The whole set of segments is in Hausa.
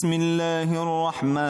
بسم الله الرحمن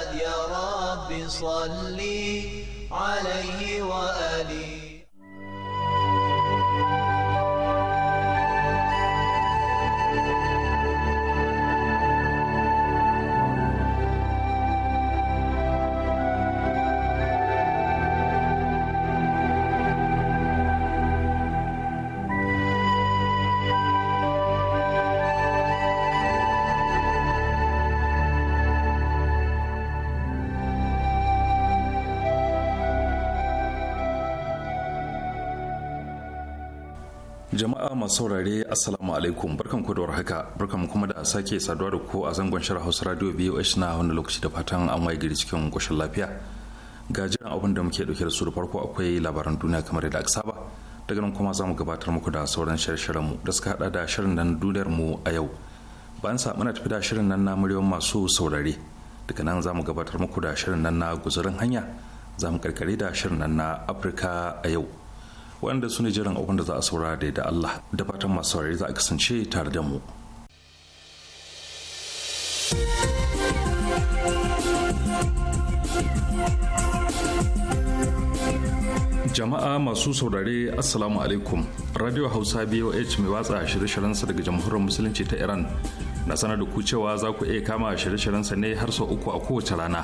رب صلي عليه وآله masu saurare assalamu alaikum barkan ku da warhaka barkan kuma da sake saduwa da ku a zangon shirin Hausa Radio BOH na wani lokaci da fatan an waye gari cikin koshin lafiya ga jiran abin da muke dauke da su da farko akwai labaran duniya kamar yadda aka saba daga nan kuma za mu gabatar muku da sauran shirye-shiryen mu da suka hada da shirin nan duniyar mu a yau bayan sa muna tafi da shirin nan na muryoyin masu saurare daga nan za mu gabatar muku da shirin nan na guzurin hanya za mu karkare da shirin nan na Afirka a yau waɗanda su ne jiran abin da za a saurara da da Allah da fatan masu saurari za a kasance tare da mu. jama'a masu saurare assalamu alaikum radio hausa boh mai watsa shirye sa daga jamhuriyar musulunci ta iran na sanar da ku cewa za ku iya kama shirye sa ne har sau uku a kowace rana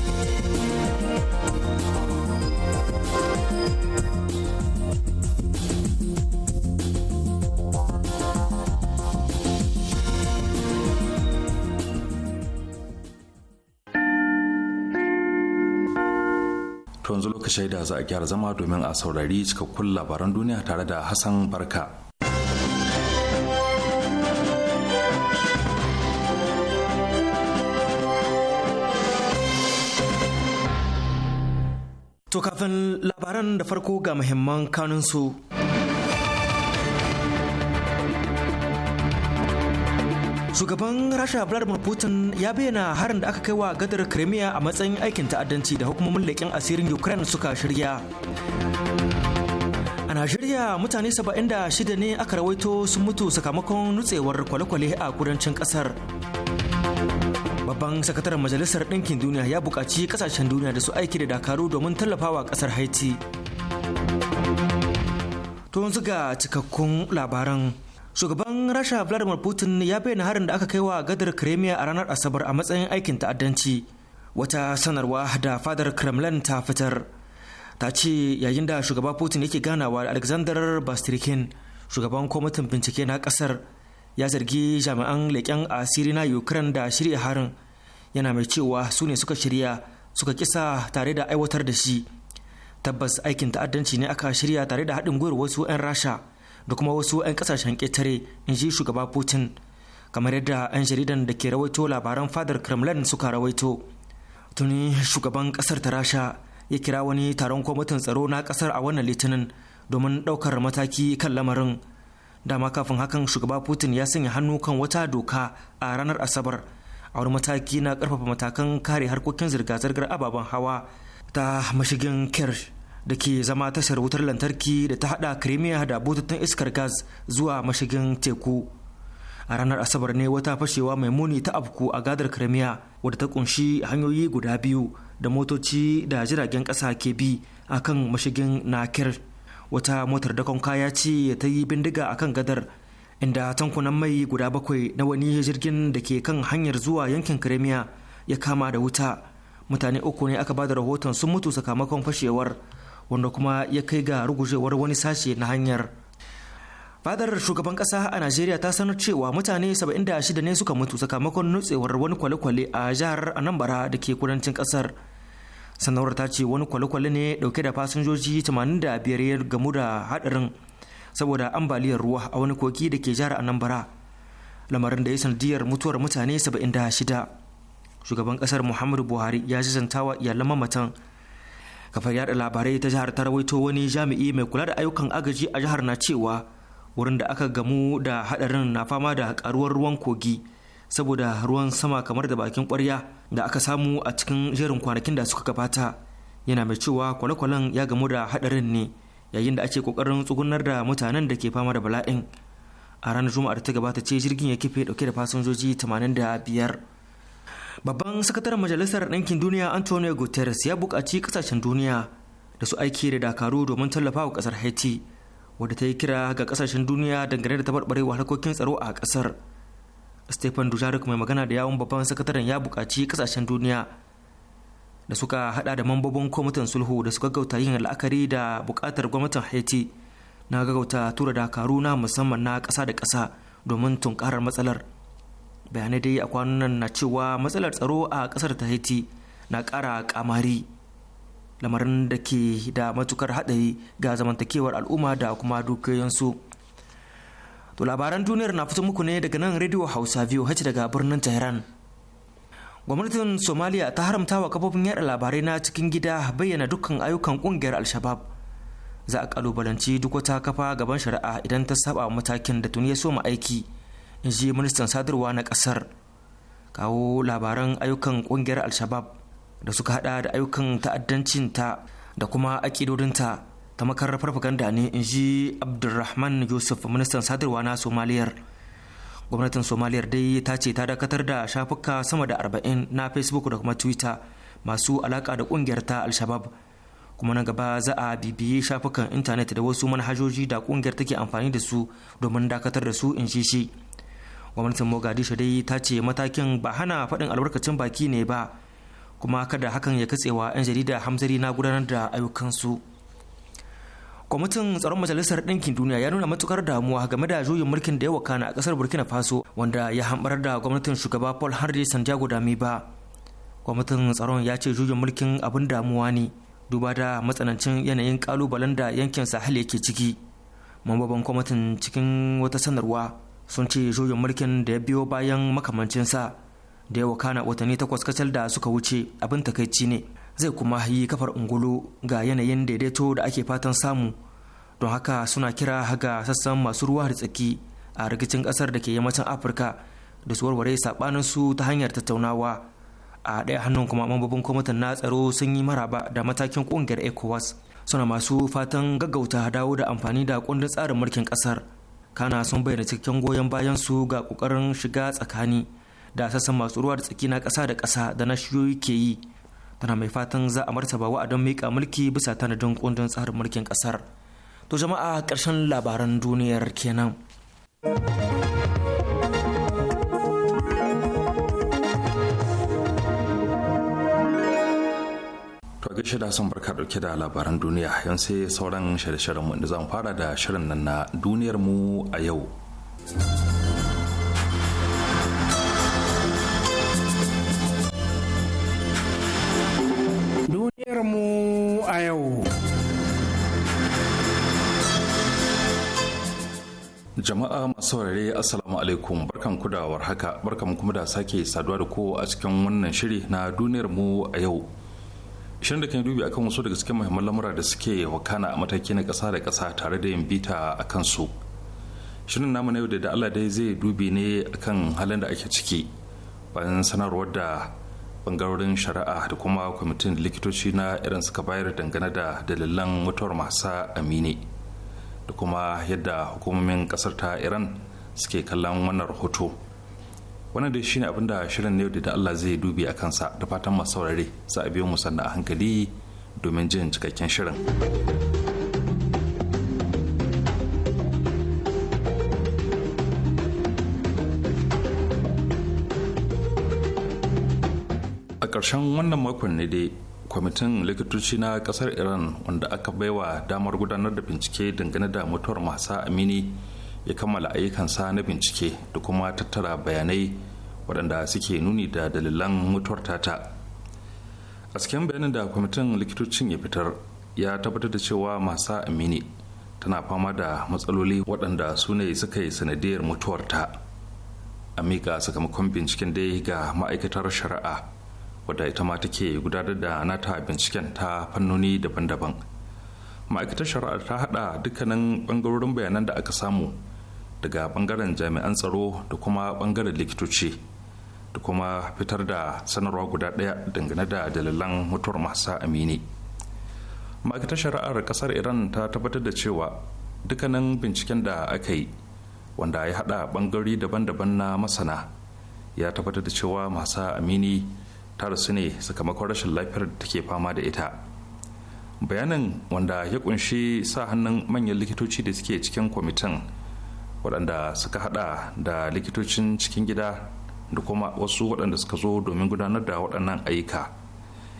ka shaida za a gyara zama domin a saurari cikakkun labaran duniya tare da Hassan Barka. To kafin labaran da farko ga muhimman kanunsu. shugaban rasha vladimir putin ya bayyana harin da aka kai wa gadar crimea a matsayin aikin ta'addanci da hukumomin leƙen asirin ukraine suka shirya a najeriya mutane 76 ne aka rawaito sun mutu sakamakon nutsewar kwale-kwale a kudancin kasar babban sakataren majalisar ɗinkin duniya ya buƙaci kasashen duniya da su aiki da dakaru domin tallafawa kasar haiti tun yanzu cikakkun labaran shugaban rasha vladimir putin ya bayyana harin da aka kai wa gadar Crimea a ranar asabar a matsayin aikin ta'addanci wata sanarwa da fadar kremlin ta fitar ta ce yayin da shugaba putin yake ganawa da alexander bastrikin shugaban kwamitin bincike na kasar ya zargi jami'an leƙen asiri na ukraine da shirya harin yana mai cewa su ne suka shirya suka kisa tare da aiwatar da shi tabbas aikin ta'addanci ne aka shirya tare da haɗin gwiwar wasu 'yan rasha da kuma wasu 'yan kasashen ƙetare in ji shugaba putin kamar yadda 'yan jaridan da ke rawaito labaran fadar kremlin suka rawaito tuni shugaban kasar ta rasha ya kira wani taron kwamitin tsaro na kasar a wannan litinin domin ɗaukar mataki kan lamarin dama kafin hakan shugaba putin ya sanya hannu kan wata doka a ranar asabar a wani mataki na karfafa matakan kare harkokin zirga-zirgar ababen hawa ta mashigin kirsch da ke zama tashar wutar lantarki da ta hada Crimea da bututun iskar gas zuwa mashigin teku. A ranar Asabar ne wata fashewa mai muni ta afku a gadar Crimea wadda ta kunshi hanyoyi guda biyu da motoci da jiragen ƙasa ke bi a kan mashigin Nakir. Wata motar dakon kaya ce ta yi bindiga a kan gadar inda tankunan mai guda bakwai na wani jirgin da ke kan hanyar zuwa yankin Crimea ya kama da wuta. Mutane uku ne aka ba da rahoton sun mutu sakamakon fashewar. wanda kuma ya kai ga rugujewar wani sashe na hanyar fadar shugaban kasa a najeriya ta sanar cewa mutane 76 ne suka mutu sakamakon nutsewar wani kwale-kwale a jihar anambra da ke kudancin kasar sanarwar ta ce wani kwale-kwale ne dauke da fasinjoji 85 ya gamu da hadarin saboda ambaliyar ruwa a wani koki da ke jihar anambra lamarin da ya sanadiyar mutuwar mutane 76 shugaban kasar muhammadu buhari ya zantawa iyalan mamatan kafar yada labarai ta jihar ta rawaito wani jami'i mai kula da ayyukan agaji a jihar na cewa wurin da aka gamu da hadarin na fama da karuwar ruwan kogi saboda ruwan sama kamar da bakin kwarya da aka samu a cikin jerin kwanakin da suka gabata yana mai cewa kwale-kwalen ya gamu da hadarin ne yayin da ake kokarin tsugunar da mutanen da ke fama da bala'in a ranar juma'ar ta gabata ce jirgin ya kife dauke da fasinjoji 85 babban sakataren majalisar ɗinkin duniya antonio guterres ya buƙaci ƙasashen duniya da su aiki da dakaru domin tallafa wa ƙasar haiti wadda ta yi kira ga ƙasashen duniya dangane da taɓarɓarewa harkokin tsaro a ƙasar stephen dujarric mai magana da yawon babban sakataren ya buƙaci ƙasashen duniya da suka hada da mambobin kwamitin sulhu da suka gauta yin la'akari da buƙatar gwamnatin haiti na gauta tura dakaru na musamman na ƙasa da ƙasa domin tunkarar matsalar bayanai dai a kwanan nan na cewa matsalar tsaro a kasar ta haiti na kara kamari lamarin da ke da matukar haɗari ga zamantakewar al'umma da kuma dukiyoyinsu to labaran duniyar na fito muku ne daga nan rediyo hausa biyu hace daga birnin tehran gwamnatin somaliya ta haramta wa kafofin yada labarai na cikin gida bayyana dukkan ayyukan kungiyar al-shabab za a kalubalanci duk wata kafa gaban shari'a idan ta saba matakin da tuni ya soma aiki in ji ministan sadarwa na kasar kawo labaran ayyukan kungiyar al-shabab da suka hada da ayyukan ta'addancin ta da kuma akidodinta ta makarar farfaganda ne in ji abdulrahman yusuf ministan sadarwa na somaliyar gwamnatin somaliyar dai ta ce ta dakatar da shafuka sama da arba'in na facebook da kuma twitter masu alaka da kungiyar ta al-shabab kuma na gaba za a bibiye shafukan intanet da wasu manhajoji da kungiyar take amfani da su domin dakatar da su in shi shi gwamnatin mogadishu dai ta ce matakin ba hana faɗin albarkacin baki ne ba kuma kada hakan ya katsewa 'yan jarida hamzari na gudanar da ayyukansu kwamitin tsaron majalisar ɗinkin duniya ya nuna matukar damuwa game da juyin mulkin da ya wakana a ƙasar burkina faso wanda ya hambar da gwamnatin shugaba paul hardy santiago dami ba kwamitin tsaron ya ce juyin mulkin abin damuwa ne duba da matsanancin yanayin kalubalen da yankin sahel yake ciki mambaban kwamitin cikin wata sanarwa sun ce juyin mulkin da ya biyo bayan makamancinsa da yawa kana watanni takwas kacal da suka wuce abin takaici ne zai kuma yi kafar ungulu ga yanayin daidaito da ake fatan samu don haka suna kira haga sassan masu ruwa da tsaki a rikicin kasar da ke yammacin afirka da su warware sabanin su ta hanyar tattaunawa a ɗaya hannun kuma mambobin kwamitin na tsaro sun yi maraba da matakin ƙungiyar ecowas suna masu fatan gaggauta dawo da amfani da kundin tsarin mulkin kasar kana sun bayyana cikakken goyon bayan su ga kokarin shiga tsakani da sassan masu ruwa da tsaki na kasa da ƙasa da na shiyoyi ke yi tana mai fatan za a martaba wa'adin miƙa mulki bisa tanadin kundin tsarin mulkin ƙasar to jama'a ƙarshen labaran duniyar kenan a shida da son barka dauke da labaran duniya yan sai sauran shirye-shiryen mu da zan fara da shirin nan na duniyar mu a yau. Duniyar mu a yau. Jama'a masu saurare Assalamu alaikum barkan kudawar haka, warhaka barkan kuma da sake saduwa da ko a cikin wannan shiri na duniyar mu a yau. shirin da kan dubi akan wasu daga cikin muhimman lamura da suke wakana a mataki na kasa da kasa tare da yin bita a kansu shirin namu na yau da Allah dai zai dubi ne akan halin da ake ciki bayan sanarwar da bangarorin shari'a da kuma kwamitin likitoci na irin suka bayar dangane da dalilan mutuwar masa amini da kuma yadda hukumomin kasar ta iran suke kallon wannan rahoto. wannan dai shine abin da shirin ne da Allah zai dubi a kansa da fatan masu saurare za a biyo mu sannan a hankali domin jin cikakken shirin a ƙarshen wannan makon ne dai kwamitin likitoci na kasar iran wanda aka baiwa damar gudanar da bincike dangane da mutuwar masa amini ya kammala ayyukansa na bincike da kuma tattara bayanai waɗanda suke nuni da dalilan mutuwar tata a cikin bayanin da kwamitin likitocin ya fitar ya tabbatar da cewa masa amini tana fama da matsaloli waɗanda su ne suka yi sanadiyar mutuwarta a miƙa sakamakon binciken dai ga ma'aikatar shari'a wadda ita ma take gudanar da nata binciken ta fannoni daban-daban ma'aikatar shari'a ta haɗa dukkanin ɓangarorin bayanan da aka samu daga bangaren jami'an tsaro da kuma bangaren likitoci da kuma fitar da sanarwa guda ɗaya dangane da dalilan mutuwar masa amini ma'aikatar shari'ar kasar iran ta tabbatar da cewa dukkanin binciken da aka yi wanda ya hada bangarori daban-daban na masana ya tabbatar da cewa masa amini ta rasu ne sakamakon rashin lafiyar da take fama da ita bayanin wanda ya kunshi sa hannun manyan likitoci da suke cikin kwamitin waɗanda suka hada da likitocin cikin gida da kuma wasu waɗanda suka zo domin gudanar da waɗannan ayyuka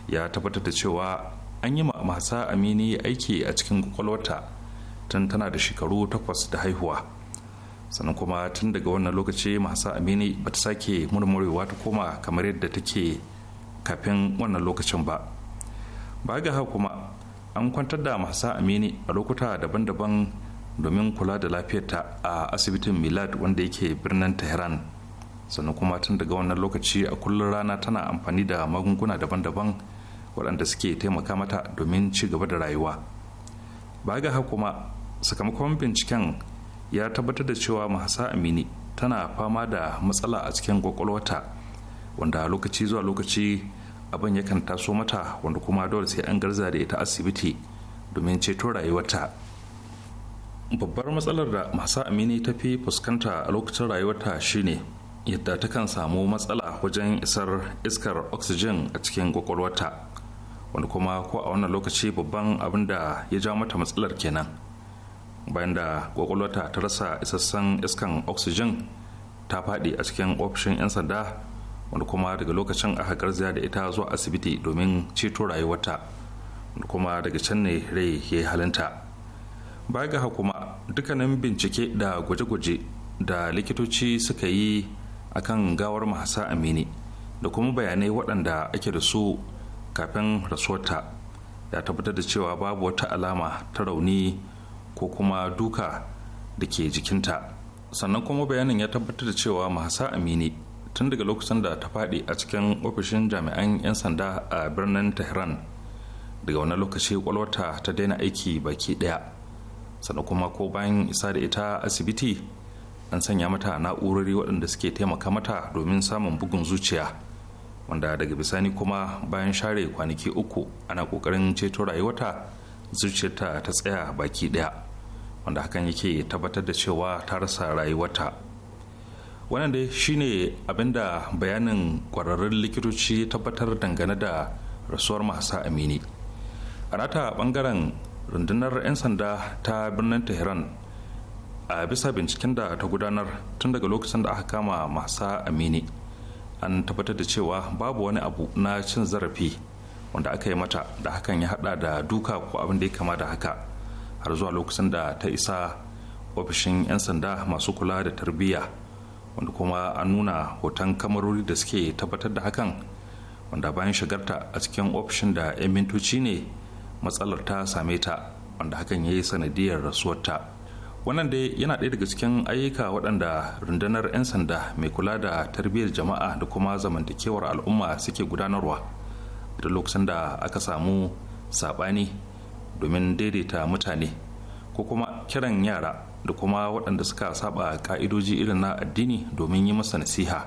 ya tabbatar da cewa an yi masa amini aiki a cikin kwakwalwata tun tana da shekaru takwas da haihuwa sannan kuma tun daga wannan lokaci masa amini ba ta sake murmurewa ta koma kamar yadda take kafin wannan lokacin ba ba ga kuma an kwantar da masa amini a lokuta daban-daban domin kula da lafiyarta a asibitin milad wanda yake birnin tehran sannan kuma tun daga wannan lokaci a kullum rana tana amfani da magunguna daban-daban waɗanda suke taimaka mata domin ci gaba da rayuwa ba ga kuma sakamakon binciken ya tabbatar da cewa mahasa amini tana fama da matsala a cikin kwakwalwata wanda lokaci zuwa lokaci abin yakan taso mata wanda kuma dole sai an garza da ita asibiti domin ceto rayuwarta babbar matsalar da masu amini ta fi fuskanta a lokacin rayuwarta shine yadda ta kan samu matsala wajen isar iskar oxygen a cikin kwakwalwarta wani kuma ko a wannan lokaci babban abin da ya ja mata matsalar kenan bayan da kwakwalwarta ta rasa isassan iskan oxygen ta faɗi a cikin ofishin 'yan sanda wani kuma daga lokacin aka garzaya da ita zuwa asibiti domin ceto rayuwarta wani kuma daga can ne rai ya yi halinta ba ga hakuma dukkanin bincike da gwaje-gwaje da likitoci suka yi a kan gawar mahasa amini da kuma bayanai waɗanda ake da su kafin rasuwarta ya tabbatar da cewa babu wata alama ta rauni ko kuma duka da ke jikinta sannan kuma bayanin ya tabbatar da cewa mahasa amini tun daga lokacin da ta faɗi a cikin ofishin jami'an 'yan sanda a birnin tehran daga wani lokaci kwalwata ta daina aiki baki ɗaya sannan kuma ko bayan isa da ita asibiti an sanya mata na'urori waɗanda suke taimaka mata domin samun bugun zuciya wanda daga bisani kuma bayan share kwanaki uku ana ƙoƙarin ceto rayuwata zuciyarta ta tsaya baki ɗaya wanda hakan yake tabbatar da cewa ta rasa rayuwata wannan dai shine abinda bayanin kwararrun likitoci tabbatar dangane da rasuwar masa amini a ɓangaren. bangaren rundunar 'yan sanda ta birnin tehran a bisa binciken da ta gudanar tun daga lokacin da aka kama masa amini an tabbatar da cewa babu wani abu na cin zarafi wanda aka yi mata da hakan ya hada da duka ko abin da ya kama da haka har zuwa lokacin da ta isa ofishin 'yan sanda masu kula da tarbiyya wanda kuma an nuna hoton kamarori da suke tabbatar da hakan wanda bayan shigarta a cikin ofishin da 'yan mintoci ne matsalar ta same ta wanda hakan ya yi sanadiyar rasuwarta wannan dai yana ɗaya daga cikin ayyuka waɗanda rundunar 'yan sanda mai kula da tarbiyyar jama'a da kuma zamantakewar al'umma suke gudanarwa da lokacin da aka samu saɓani domin daidaita mutane ko kuma kiran yara da kuma waɗanda suka saba ka'idoji irin na addini domin yi masa nasiha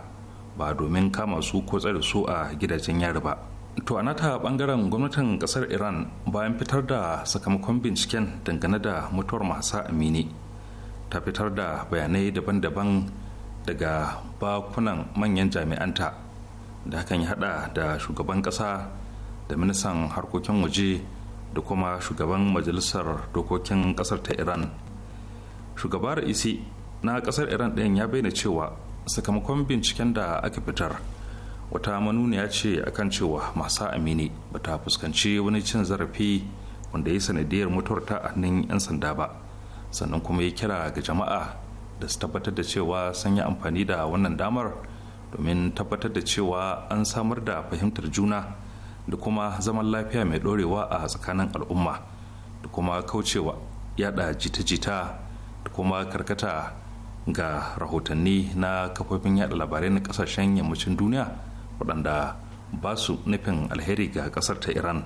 ba domin kama su ko tsare su a gidajen yari ba to a nata bangaren gwamnatin kasar iran bayan fitar da sakamakon binciken dangane da mutuwar masa amini ta fitar da bayanai daban-daban daga bakunan manyan jami'anta da hakan ya hada da shugaban kasa da ministan harkokin waje da kuma shugaban majalisar dokokin kasar ta iran shugaba isi na kasar iran ɗin ya bayyana cewa sakamakon binciken da aka fitar wata manuniya ce akan cewa masu amini ba ta fuskanci wani cin zarafi wanda ya sanadiyar mutuwar ta a nan 'yan sanda ba sannan kuma ya kira ga jama'a da su tabbatar da cewa sun yi amfani da wannan damar domin tabbatar da cewa an samar da fahimtar juna da kuma zaman lafiya mai ɗorewa a tsakanin al'umma da kuma kaucewa yada jita-jita da kuma karkata ga rahotanni na kafofin yada labarai na kasashen yammacin duniya waɗanda ba su nufin alheri ga ƙasar ta iran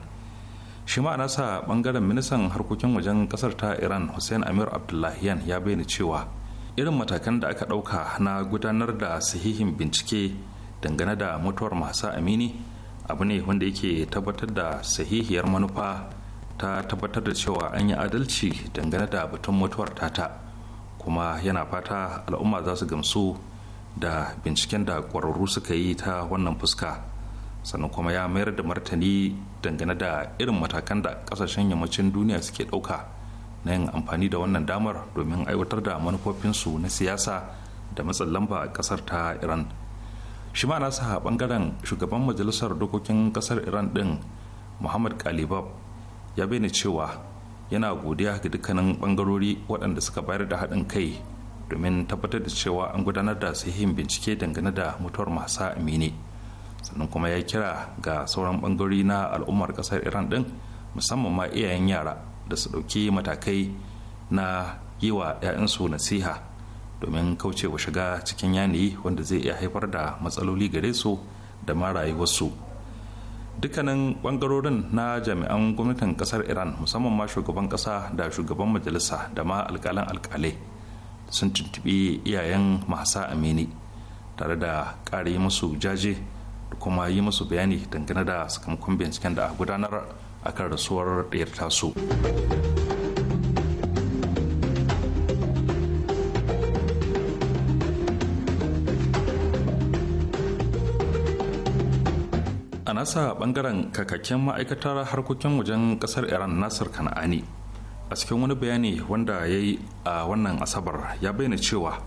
shi ma sa ɓangaren ministan harkokin wajen ƙasar ta iran hussein amir abdullahiyan ya bayyana cewa irin matakan da aka ɗauka na gudanar da sahihin bincike dangane da mutuwar masu amini abu ne wanda yake tabbatar da sahihiyar manufa ta tabbatar da cewa an yi adalci dangane da batun mutuwar tata kuma yana fata al'umma za su gamsu da binciken da ƙwararru suka yi ta wannan fuska sannan kuma ya mayar da martani dangane da irin matakan da ƙasashen yammacin duniya suke ɗauka na yin amfani da wannan damar domin aiwatar da manufofinsu na siyasa da matsin lamba a ƙasar ta iran shi ma nasa bangaren shugaban majalisar dokokin ƙasar iran ɗin muhammad kalibab ya bayyana cewa yana godiya ga dukkanin ɓangarori waɗanda suka bayar da haɗin kai domin tabbatar da cewa an gudanar da sahihin bincike dangane da mutuwar masa amini sannan kuma ya kira ga sauran bangarori na al'ummar kasar iran din musamman ma iyayen yara da su ɗauki matakai na yi wa 'ya'yansu nasiha domin kaucewa shiga cikin yanayi wanda zai iya haifar da matsaloli gare su da ma rayuwarsu dukkanin bangarorin na jami'an gwamnatin kasar iran musamman ma shugaban kasa da shugaban majalisa da ma alkalan alkalai sun tuntubi iyayen masa amini tare da ƙara yi musu jaje da kuma yi musu bayani dangane da sakamakon binciken da a gudanar a kan rasuwar ɗayar tasu. a nasa bangaren kakakken ma'aikatar harkokin wajen ƙasar iran nasir kana'ani a cikin wani bayani wanda ya yi a wannan asabar ya bayyana cewa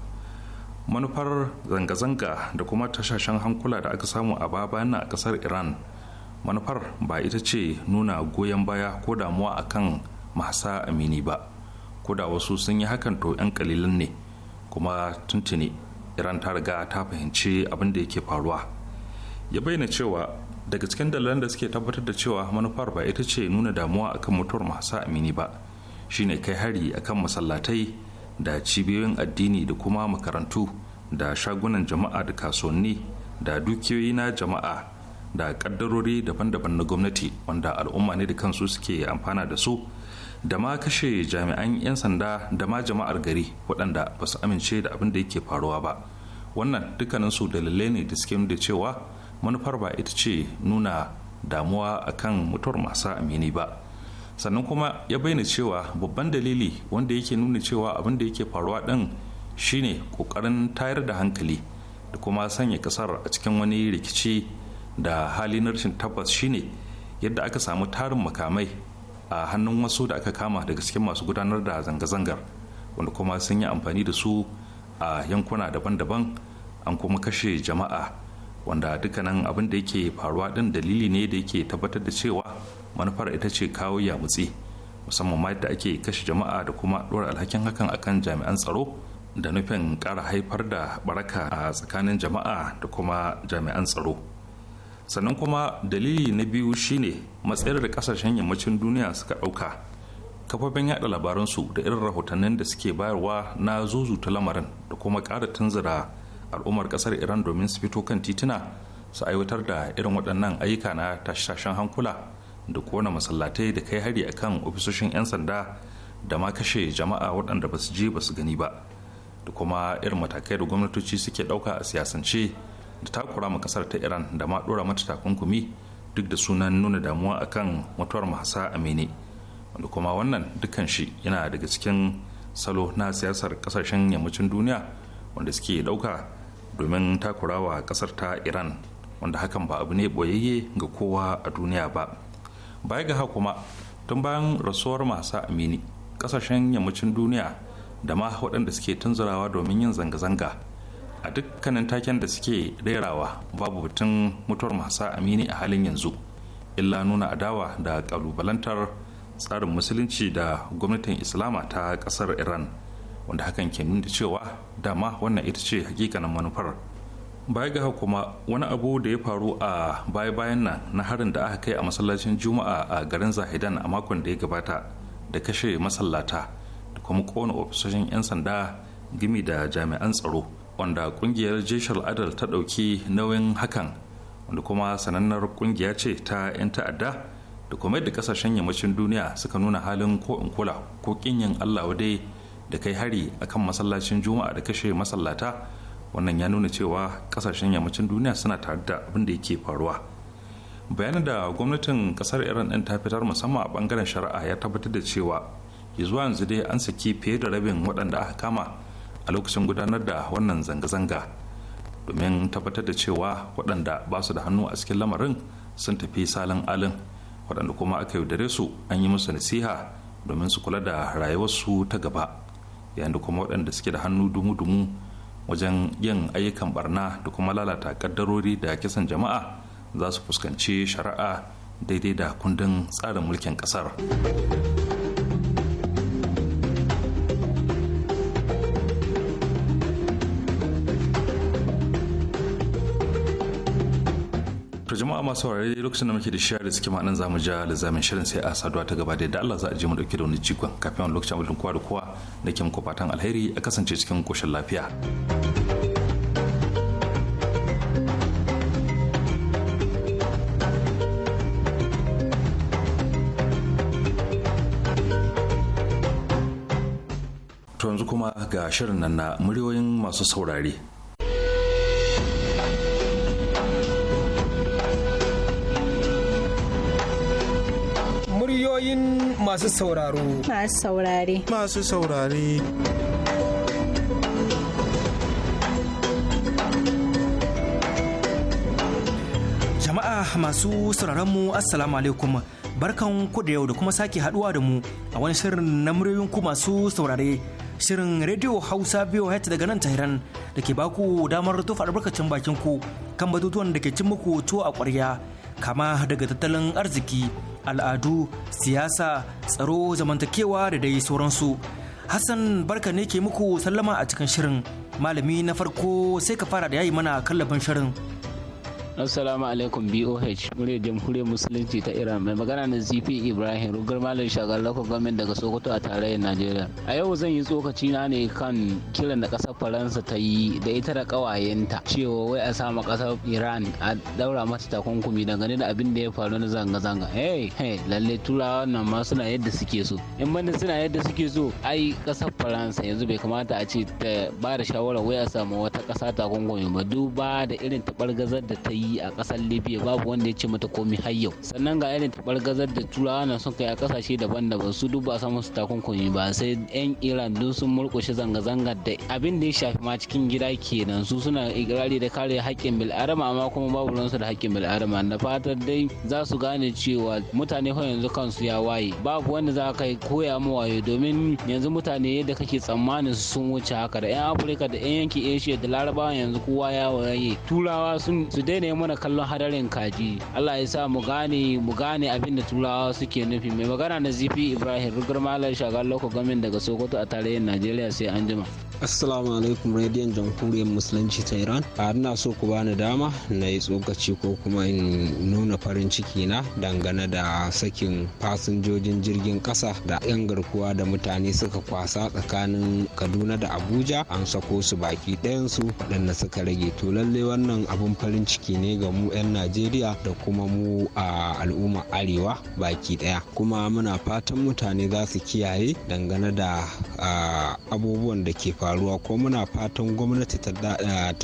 manufar zanga-zanga da kuma tashashen hankula da aka samu a baya na a kasar iran manufar ba ita ce nuna goyon baya ko damuwa akan masa amini ba ko da wasu sun yi hakan to 'yan kalilan ne kuma tuntuni iran ta riga ta fahimci abin da yake faruwa ya bayyana cewa daga cikin dalilan da suke tabbatar da cewa manufar ba ita ce nuna damuwa akan mutuwar masu amini ba shine kai hari akan masallatai da cibiyoyin addini da kuma makarantu da shagunan jama'a da kasuwanni da dukiyoyi na jama'a da kaddarori daban-daban na gwamnati wanda al'umma ne da kansu suke amfana da su da ma kashe jami'an 'yan sanda da ma jama'ar gari waɗanda ba su amince da abin da yake faruwa ba wannan dukkaninsu dalilai ne da suke da cewa manufar ba ita ce nuna damuwa akan mutuwar masu amini ba sannan kuma ya bayyana cewa babban dalili wanda yake nuna cewa abin da yake faruwa ɗin shine kokarin tayar da hankali da kuma sanya kasar a cikin wani rikici da hali na rashin tabbas shine yadda aka samu tarin makamai a hannun wasu da aka kama daga cikin masu gudanar da zanga-zangar wanda kuma sun yi amfani da su a yankuna daban-daban an kuma kashe jama'a wanda dukkanin abin da yake faruwa ɗin dalili ne da yake tabbatar da cewa manufar ita ce kawo mutse musamman ma yadda ake kashe jama'a da kuma ɗora alhakin hakan akan jami'an tsaro da nufin ƙara haifar da baraka a tsakanin jama'a da kuma jami'an tsaro sannan kuma dalili na biyu shine matsayar da kasashen yammacin duniya suka ɗauka kafofin yada labaransu da irin rahotannin da suke bayarwa na zuzuta lamarin da kuma ƙara tunzura al'ummar ƙasar iran domin su fito kan tituna su aiwatar da irin waɗannan ayyuka na tashe-tashen hankula da kona masallatai da kai hari akan ofisoshin 'yan sanda da ma kashe jama'a waɗanda ba su je ba su gani ba da kuma irin matakai da gwamnatoci suke ɗauka a siyasance da takura ma ƙasar ta iran da ma ɗora mata takunkumi duk da sunan nuna damuwa akan mutuwar mahasa amini wanda kuma wannan dukkan shi yana daga cikin salo na siyasar ƙasashen yammacin duniya wanda suke ɗauka domin takurawa ƙasar ta iran wanda hakan ba abu ne boyayye ga kowa a duniya ba baya ga kuma tun bayan rasuwar masu amini kasashen yammacin duniya da ma waɗanda suke tunzurawa domin yin zanga-zanga a dukkanin taken da suke rerawa babu batun mutuwar masu amini a halin yanzu illa nuna adawa da kalubalantar tsarin musulunci da gwamnatin islama ta ƙasar iran wanda hakan ke nuna cewa dama wannan ita ce hakikanin manufar baya ga kuma wani abu da ya faru a baya-bayan nan na harin da aka kai a masallacin juma'a a garin zahidan a makon da ya gabata da kashe masallata da kuma kona ofisoshin 'yan sanda gimi da jami'an tsaro wanda kungiyar jeshar adal ta ɗauki nauyin hakan wanda kuma sanannar kungiya ce ta 'yan ta'adda da kuma yadda kasashen yammacin duniya suka nuna halin ko in kula ko kin yin allah wadai da kai hari akan masallacin juma'a da kashe masallata wannan ya nuna cewa kasashen yammacin duniya suna tare da abin da yake faruwa bayanin da gwamnatin kasar iran din ta fitar musamman a bangaren shari'a ya tabbatar da cewa zuwa yanzu dai an saki fiye da rabin waɗanda aka kama a lokacin gudanar da wannan zanga-zanga domin tabbatar da cewa waɗanda ba su da hannu a cikin lamarin sun tafi salin alin waɗanda kuma aka yaudare su an yi musu nasiha domin su kula da rayuwarsu ta gaba yayin da kuma waɗanda suke da hannu dumu-dumu wajen yin ayyukan barna da kuma lalata kaddarori da kisan jama'a za su fuskanci shari'a daidai da kundin tsarin mulkin kasar. jama'a masu saurare lokacin da muke da da suke ma nan zamu ja lizamin shirin sai a saduwa ta gaba da yadda Allah za a ji mu dauke da wani jigon kafin wani lokacin abin kowa da kowa da ke muku fatan alheri a kasance cikin koshin lafiya. To yanzu kuma ga shirin nan na muryoyin masu saurare. Muryoyin masu sauraro. Masu saurare. Masu saurare. Jama'a masu sauraron mu Assalamu alaikum. Barkan ku da yau da kuma sake haduwa da mu a wani shirin na muryoyin ku masu saurare. shirin Radio Hausa VOH daga nan Tehran da ke baku damar tufa albarkacin bakin ku kan batutuwan da ke cin muku tuwo a kwarya kama daga tattalin arziki al'adu siyasa tsaro zamantakewa da dai sauransu hassan barka ne ke muku sallama a cikin shirin malami na farko sai ka fara da yayi mana kallafin shirin Assalamu alaikum BOH murya jamhuriyar musulunci ta Iran mai magana na ZP Ibrahim rugar malam shagar lokacin gwamnati daga Sokoto a tarayyar Najeriya. A yau zan yi tsokaci na ne kan kiran da ƙasar Faransa ta yi da ita da kawayenta cewa wai a sama ƙasar Iran a daura mata takunkumi dangane da abin da ya faru na zanga-zanga. Hey, hey, lalle turawa nan ma suna yadda suke so. In banda suna yadda suke so, ai kasar Faransa yanzu bai kamata a ce ta ba da shawara wai a samu wata kasa takunkumi ba duba da irin taɓargazar da ta yi yi a ƙasar libya babu wanda ya ce mata komi har yau sannan ga irin gazar da turawa na sun kai a ƙasashe daban-daban su duk ba samu su takunkumi ba sai yan iran duk sun murƙushe zanga-zangar da abin da ya shafi ma cikin gida kenan su suna ikirari da kare haƙƙin bil'adama amma kuma babu ransu da haƙƙin bil'adama na fatan dai za su gane cewa mutane yanzu kansu ya waye babu wanda za ka koya mu waye domin yanzu mutane yadda kake tsammanin su sun wuce haka da yan afirka da yan yankin asia da larabawa yanzu kowa ya waye turawa su daina yi mana kallon hadarin kaji Allah ya sa mu gane mu gane abin da turawa suke nufi mai magana na zifi ibrahim rugar malam shagar loko gamin daga sokoto a tarayyar najeriya sai an jima. assalamu alaikum radiyon jamhuriyar musulunci ta iran a ina so ku bani dama na yi tsokaci ko kuma in nuna farin ciki na dangane da sakin fasinjojin jirgin kasa da 'yan garkuwa da mutane suka kwasa tsakanin kaduna da abuja an sako su baki ɗayansu waɗanda suka rage to lalle wannan abun farin ciki ne ga mu 'yan najeriya da kuma mu a al'umma arewa baki ɗaya kuma muna fatan mutane za su kiyaye dangane da abubuwan da ke faru. faruwa ko muna fatan gwamnati eh, ta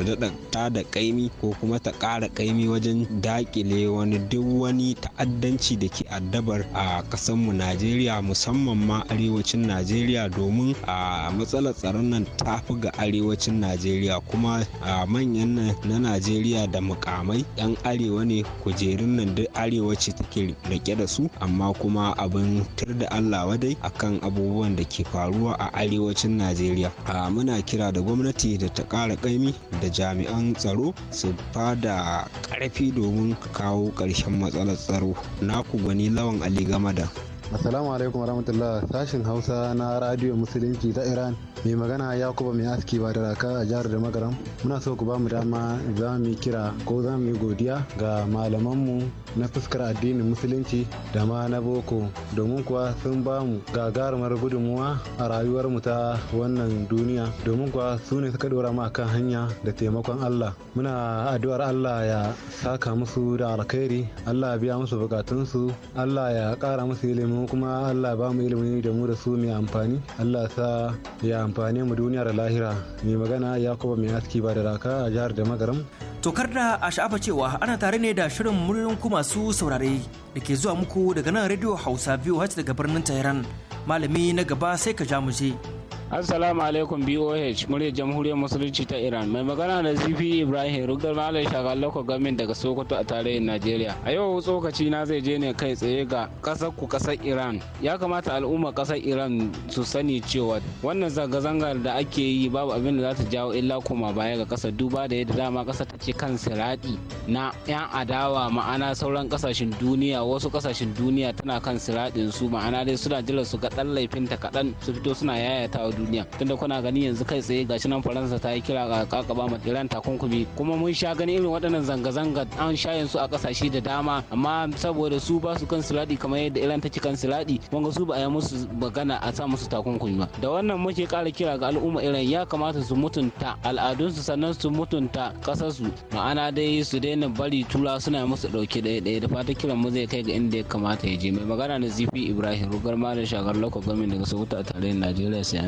daɗa ta da ƙaimi ko kuma ta ƙara ƙaimi wajen daƙile wani duk wani ta'addanci da ke addabar a mu najeriya musamman ma arewacin najeriya domin a matsalar tsaron nan ta fi ga arewacin najeriya kuma a manyan na najeriya da mukamai 'yan arewa ne kujerun nan duk arewa ce take rike da su amma kuma abin tur da allah wadai akan abubuwan da ke faruwa a arewacin najeriya muna kira da gwamnati da ta ƙara ƙaimi da jami'an tsaro su fada ƙarfi domin kawo ƙarshen matsalar tsaro naku gani lawan ali gamada Assalamu alaikum warahmatullah Sashen Hausa na Radio Musulunci ta Iran mai magana Yakuba mai aski ba da raka a jihar da magaram muna so ku ba mu dama za mu kira ko za mu yi godiya ga malamanmu na fuskar addinin musulunci da ma na boko domin kuwa sun ba mu gagarumar gudunmuwa a rayuwar mu ta wannan duniya domin kuwa su ne suka dora mu akan hanya da taimakon Allah muna addu'ar Allah ya saka musu da alkhairi Allah ya biya musu bukatunsu Allah ya kara musu ilimi mu kuma Allah ba mu ilimi da mu da su mai amfani Allah sa ya amfane mu duniya da lahira mai magana kuma mai aski ba da raka a jihar da magaram tokar da a sha'afa cewa ana tare ne da shirin muryoyin ku masu saurare da ke zuwa muku daga nan radio Hausa biyu har daga birnin Tehran malami na gaba sai ka ja mu je Assalamu alaikum BOH muryar jamhuriyar musulunci ta Iran mai magana da Zifi Ibrahim rugar malam shagallako gamin daga Sokoto a tarayyar Najeriya. A yau tsokaci na zai je ne kai tsaye ga kasar ku kasar Iran. Ya kamata al'umma kasar Iran su sani cewa wannan zanga-zangar da ake yi babu abin da za ta jawo illa kuma baya ga kasar duba da yadda dama kasar ta ce kan siradi na 'yan adawa ma'ana sauran kasashen duniya wasu kasashen duniya tana kan siradin su ma'ana dai suna jira su ga dan laifinta kaɗan su fito suna yayata duniya tunda kuna gani yanzu kai tsaye gashi nan faransa ta yi kira ga kakaba ma iran takunkumi kuma mun sha gani irin waɗannan zanga-zanga an sha yanzu a ƙasashe da dama amma saboda su ba su kan siladi kamar yadda iran ta ci kan siladi mun ga su ba a yi musu magana a sa musu takunkumi ba da wannan muke ƙara kira ga al'umma iran ya kamata su mutunta al'adunsu sannan su mutunta ƙasarsu ma'ana dai su daina bari tura suna musu dauke ɗaya ɗaya da fata kiran mu zai kai ga inda ya kamata ya je mai magana na zifi ibrahim rugar malam shagar lokacin gwamnati daga sokoto a tarayyar najeriya sai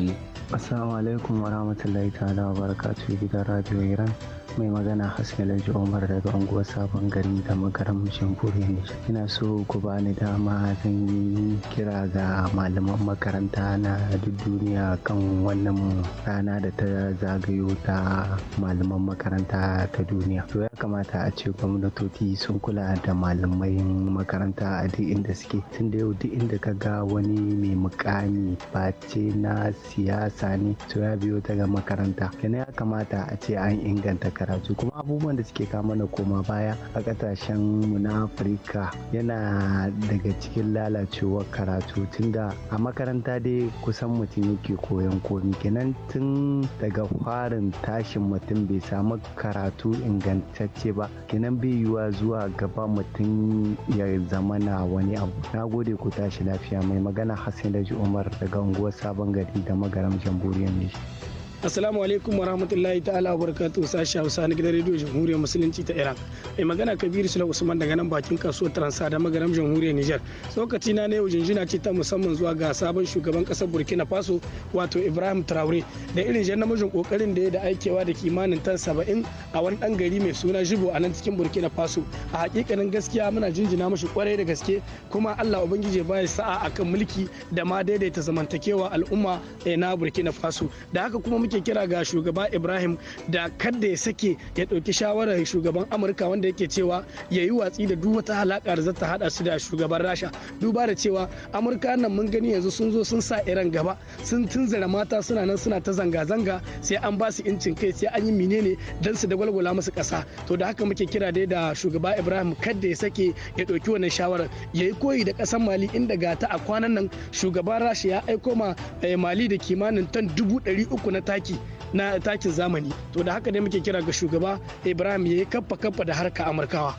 Assalamu alaikum warahmatullahi ta'ala wa barakatuhu gidan Radio Iran. mai magana hassan laji umar daga unguwar sabon gari da magaram jamhuriyar ne ina so ku bani dama zan yi kira ga malaman makaranta na duk duniya kan wannan rana da ta zagayo ta malaman makaranta ta duniya to ya kamata a ce gwamnatoci sun kula da malamai makaranta a duk inda suke tun da yau duk inda ka ga wani mai mukami ba ce na siyasa ne to ya biyo daga makaranta kenan ya kamata a ce an inganta karatu kuma abubuwan da suke kama na koma baya a kasashen mu na afirka yana daga cikin lalacewar karatu tun da a makaranta dai kusan mutum yake koyon komi kenan tun daga farin tashin mutum bai samu karatu ingantacce ba kenan bai yiwuwa zuwa gaba mutum ya zama na wani abu na gode ku tashi lafiya mai magana hassan daji umar daga unguwar sabon gari da magaram jamhuriyar nishi Assalamu alaikum wa rahmatullahi ta'ala wa barakatuhu sashi Hausa na gidan rediyo Jamhuriyar Musulunci ta Iran. Mai magana Kabiru Sula Usman daga nan bakin kasuwar Transa da magaram Jamhuriyar Nijar. Lokaci na yau jinjina ce ta musamman zuwa ga sabon shugaban kasar Burkina Faso wato Ibrahim Traore da irin jan namijin kokarin da ya da aikewa da kimanin tan saba'in a wani dan gari mai suna Jibo a nan cikin Burkina Faso. A hakikanin gaskiya muna jinjina mashi kwarai da gaske kuma Allah ba ya sa'a akan mulki da ma daidaita zamantakewa al'umma eh, na Burkina Faso. Da haka kuma ke kira ga shugaba ibrahim da kadda ya sake ya ɗauki shawarar shugaban amurka wanda yake cewa ya yi watsi da duk wata halakar da zata hada su da shugaban rasha duba da cewa amurka nan mun gani yanzu sun zo sun sa iran gaba sun tunzura mata suna nan suna ta zanga-zanga sai an ba su incin kai sai an yi menene dan su da gwalgwala musu kasa, to da haka muke kira dai da shugaba ibrahim kada ya sake ya ɗauki wannan shawarar ya yi koyi da ƙasar mali inda gata a kwanan nan shugaban rasha ya aiko ma eh, mali da kimanin tan dubu ɗari uku na taki taki na takin zamani to da haka ne muke kira ga shugaba ibrahim ya yi kaffa kaffa da harka amurkawa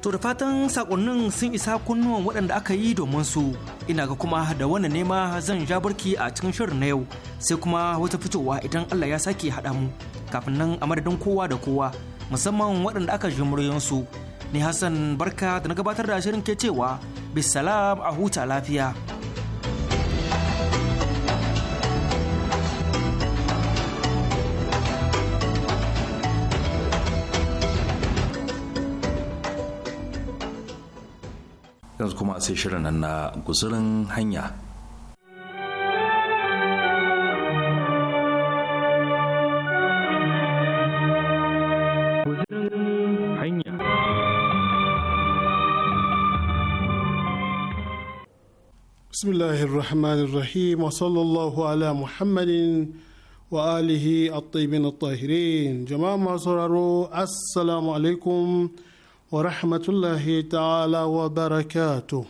to da fatan sakonnin sun isa kunnuwan waɗanda aka yi domin su ina ga kuma da wannan nema zan ja barki a cikin shirin na yau sai kuma wata fitowa idan allah ya sake haɗa mu kafin nan a madadin kowa da kowa musamman waɗanda aka ji su ni hassan barka da na gabatar da shirin ke cewa bisalam a huta lafiya yanzu kuma sai shirin nan na guzurin hanya bismillahir rahmanir rahim wa sallallahu ala muhammadin wa alihi at-tayyibin at-tahirin jama'a masu sauraro assalamu alaikum wa rahmatullahi ta'ala wa barakatu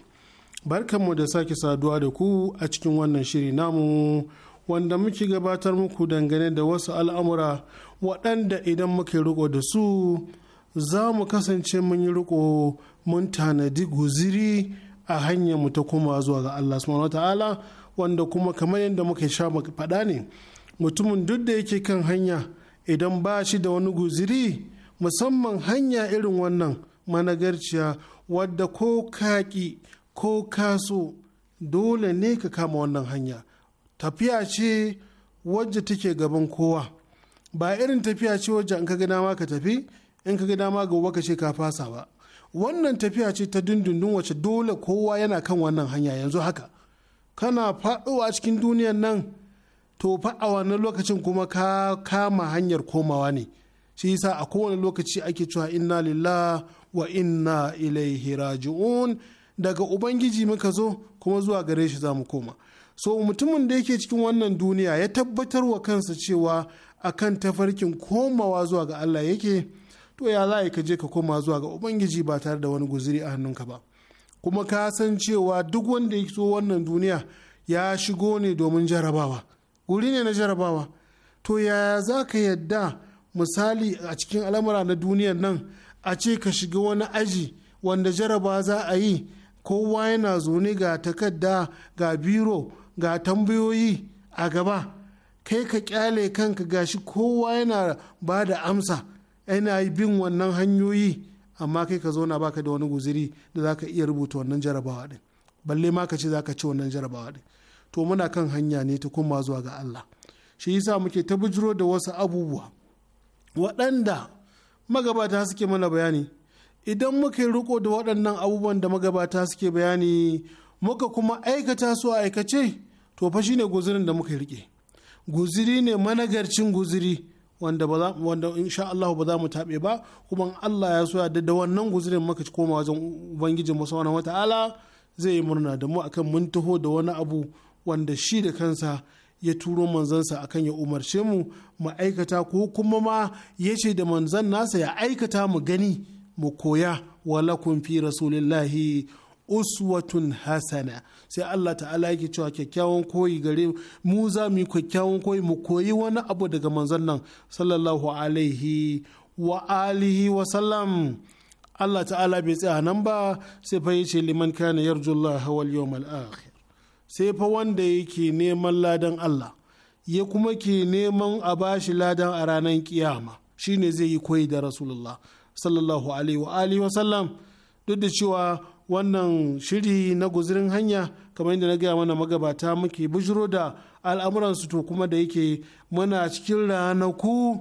barkanmu da sake saduwa da ku a cikin wannan shiri namu wanda muke gabatar muku dangane da wasu al'amura waɗanda idan muke riko da su za mu kasance mun yi riko mun tanadi guziri a hanyar mu ta koma zuwa ga Allah subhanahu ta'ala wanda kuma kamar yadda muka sha faɗa ne mutumin duk da yake kan hanya idan ba shi da wani guziri musamman hanya irin wannan managarciya wadda ko kaƙi ko kaso dole ne ka kama wannan hanya tafiya ce wadda take gaban kowa ba irin tafiya ce wadda in ka ga dama ka tafi in ka ga dama gobe ka ce ka fasa ba wannan tafiya ce ta dindindin wacce dole kowa yana kan wannan hanya yanzu haka kana faɗowa cikin duniyan nan to fa a wannan lokacin kuma ka kama hanyar komawa ne shi yasa a kowane lokaci ake cewa inna lillahi wa inna ilaihi raji'un daga ubangiji muka zo kuma zuwa gare shi za mu koma so mutumin da yake cikin wannan duniya ya tabbatar wa kansa cewa akan tafarkin komawa zuwa ga Allah yake to ya za ka je ka koma zuwa ga ubangiji ba tare da wani guziri a hannunka ba kuma ka san cewa duk wanda ya so wannan duniya ya shigo ne domin jarabawa guri ne na jarabawa to yaya za ka yadda misali a cikin al'amura na duniyar nan a ce ka shiga wani aji wanda jaraba za a yi kowa yana zone ga takarda ga biro ga tambayoyi a gaba kai ka kyale kanka gashi kowa yana ba da amsa yana bin wannan hanyoyi amma kai ka zauna baka da wani guziri da za ka iya rubuta wannan jarabawa din balle ma ka ce ka ci wannan jarabawa din to muna kan hanya ne ta koma zuwa ga Allah shi yasa muke ta bujiro da wasu abubuwa waɗanda magabata suke mana bayani idan muka yi riko da waɗannan abubuwan da magabata suke bayani muka kuma aikata su a aikace to fa shine guzirin da muka rike guziri ne managarcin guziri wanda ba insha Allah ba za mu taɓe ba kuma Allah ya so da da wannan guzirin muka koma wajen ubangijin mu subhanahu wata'ala zai yi murna da mu akan mun taho da wani abu wanda shi da kansa ya turo manzansa akan ya umarce mu mu aikata ko kuma ma ya ce da manzan nasa ya aikata mu gani mu koya kun fi rasulillahi uswatun hasana sai Allah ta'ala yake cewa kyakkyawan koyi gare mu za mu yi kyakkyawan koyi mu koyi wani abu daga manzan nan sallallahu alaihi wa alihi wa sallam Allah ta'ala bai tsaya nan ba sai fa yace liman kana yarjullaha wal yawmal akhir sai fa wanda yake neman ladan Allah ya kuma ke neman a bashi ladan a ranar kiyama shine zai yi koyi da rasulullah sallallahu alaihi wa alihi wasallam duk da cewa wannan shiri na guzirin hanya kamar yadda na gaya mana magabata muke bujiro da al'amuransu to kuma da yake muna cikin ranaku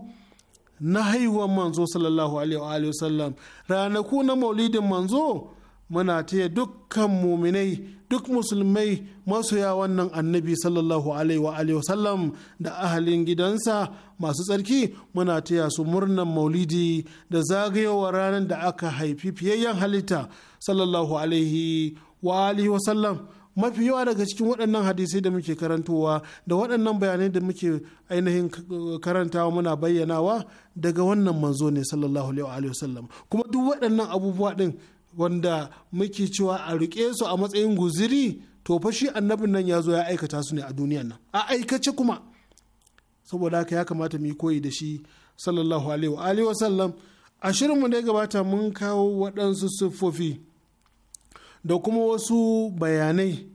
na haihuwar manzo sallallahu alaihi wasallam ranaku na maulidin manzo muna taya dukkan muminai duk musulmai masoya wannan annabi sallallahu alaihi wa sallam da ahalin gidansa masu tsarki muna taya su murnan maulidi da zagayowar ranar da aka haifi fiyayyen halitta sallallahu alaihi wa alihi wa sallam mafi yawa daga cikin waɗannan hadisai da muke karantowa da waɗannan bayanai da muke ainihin karantawa muna bayyanawa daga wannan manzo ne sallallahu alaihi wa sallam kuma duk waɗannan abubuwa ɗin wanda muke cewa a rike su a matsayin guziri to fa shi annabin nan ya zo ya aikata su ne a duniyan nan a aikace kuma saboda haka ya kamata mu yi koyi da shi sallallahu alaihi wa alihi wa sallam a shirinmu da ya gabata mun kawo waɗansu siffofi da kuma wasu bayanai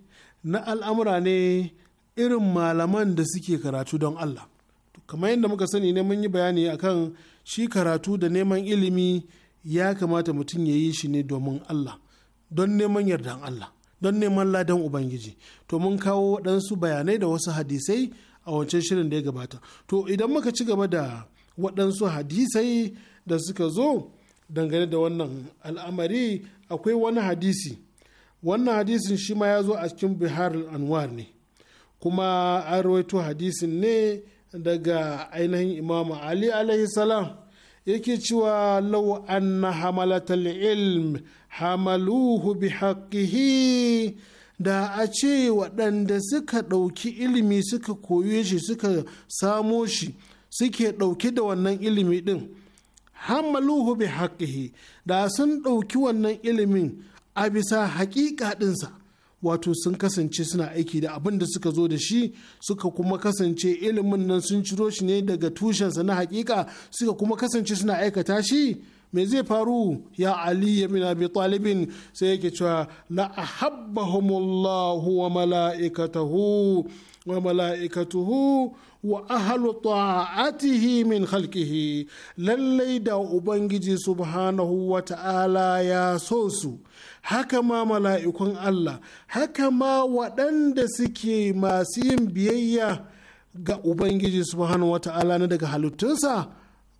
na al'amura ne irin malaman da suke karatu don Allah kamar yadda muka sani ne mun yi bayani akan shi karatu da neman ilimi ya kamata mutum ya yi shi ne domin Allah don neman yardan Allah don neman ladan Ubangiji to mun kawo waɗansu bayanai da wasu hadisai a wancan shirin da ya gabata to idan muka ci gaba da waɗansu hadisai da suka zo dangane da wannan al'amari akwai wani hadisi wannan hadisin shi ma ya zo a cikin bihar anwar ne kuma an rawaito hadisin ne daga ainihin imamu ali alaihi salam yake cewa law anna hamalatal ilm hamaluhu bi haqqihi da a ce waɗanda suka ɗauki ilimi suka koye shi suka samo shi suke ɗauki da wannan ilimi ɗin hamaluhu bi haqqihi da sun ɗauki wannan ilimin a bisa haƙiƙa ɗinsa wato sun kasance suna aiki da abin da suka zo da shi suka kuma kasance ilimin nan sun ciro shi ne daga tushensa na hakika suka kuma kasance suna aikata shi me zai faru ya ali ya min abi talibin sai yake cewa la ahabbahumullahu wa mala'ikatahu wa mala'ikatuhu wa ahlu ta'atihi min khalqihi lallai da ubangiji subhanahu wa ta'ala ya so su haka ma mala'ikun Allah haka ma waɗanda suke masu yin biyayya ga Ubangiji subhanahu wa ta'ala na daga halittunsa